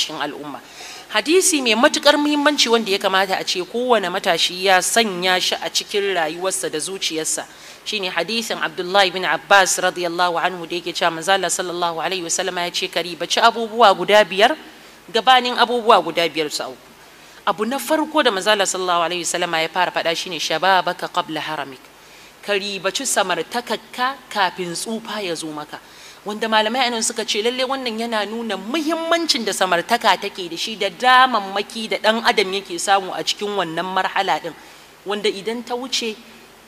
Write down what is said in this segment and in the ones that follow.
cikin al'umma hadisi mai matukar muhimmanci wanda ya kamata a ce kowane matashi ya sanya shi a cikin rayuwarsa da zuciyarsa shine hadisin Abdullahi bin Abbas radiyallahu anhu da yake cewa manzala sallallahu alaihi wasallam ya ce kari baci abubuwa guda biyar gabanin abubuwa guda biyar su auku abu na farko da manzala sallallahu alaihi wasallam ya fara faɗa shine shababaka qabla haramik kari baci samartakakka kafin tsufa ya zo maka wanda malamai anan suka ce lalle wannan yana nuna muhimmancin da samartaka take da shi da damammaki da dan adam yake samu a cikin wannan marhala din wanda idan ta wuce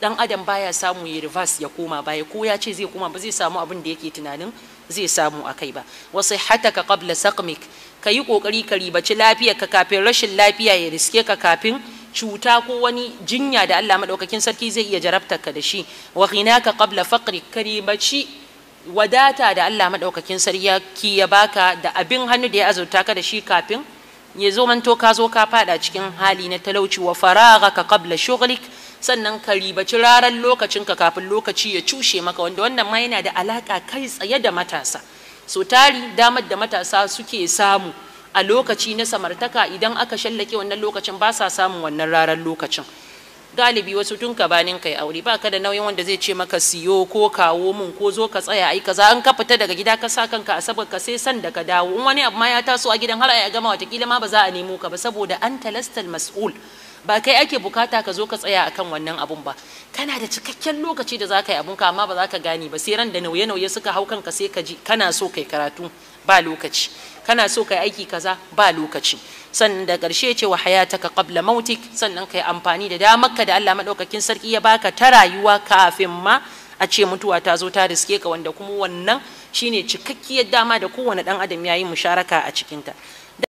dan adam baya samu ya reverse ya koma baya ko ya ce zai koma ba zai samu abin da yake tunanin zai samu a kai ba wasu hataka qabla saqmik ka yi kokari ka ribaci lafiyar ka kafin rashin lafiya ya riske ka kafin cuta ko wani jinya da Allah madaukakin sarki zai iya jarabta ka da shi wa ghinaka qabla faqri ka ribaci wadata da Allah maɗaukakin sarki ya baka da abin hannu da ya azurta ka da shi kafin ya zo manto ka zo ka fada cikin hali na talauci wa farara ka qabla shughlik sannan ka ribaci raran lokacin ka kafin lokaci ya cushe maka wanda wannan ma yana da alaka kai tsaye da matasa so tari damar da matasa suke samu a lokaci na samartaka idan aka shallake wannan lokacin ba sa samun wannan raran lokacin galibi wasu tun ka banin kai aure ba ka da nauyin wanda zai ce maka siyo ko kawo mun ko zo ka tsaya ai kaza an ka fita daga gida ka sa kanka asabar ka sai san da ka dawo in wani abu ma ya taso a gidan har ai gama watakila ma ba za a nemo ka ba saboda an talastal mas'ul ba kai ake bukata ka zo ka tsaya akan wannan abun ba kana da cikakken lokaci da za ka yi abun ka amma ba za ka gane ba sai ran da nauye-nauye suka hau kanka sai ka ji kana so kai karatu ba lokaci kana so kai aiki kaza ba lokaci sannan da ƙarshe ce wa hayataka qabla mautik sannan kai amfani da damarka da Allah madaukakin sarki ya baka ta rayuwa kafin ma a ce mutuwa ta zo ta riske ka wanda kuma wannan shine cikakkiyar dama da kowane dan adam yayi musharaka a cikinta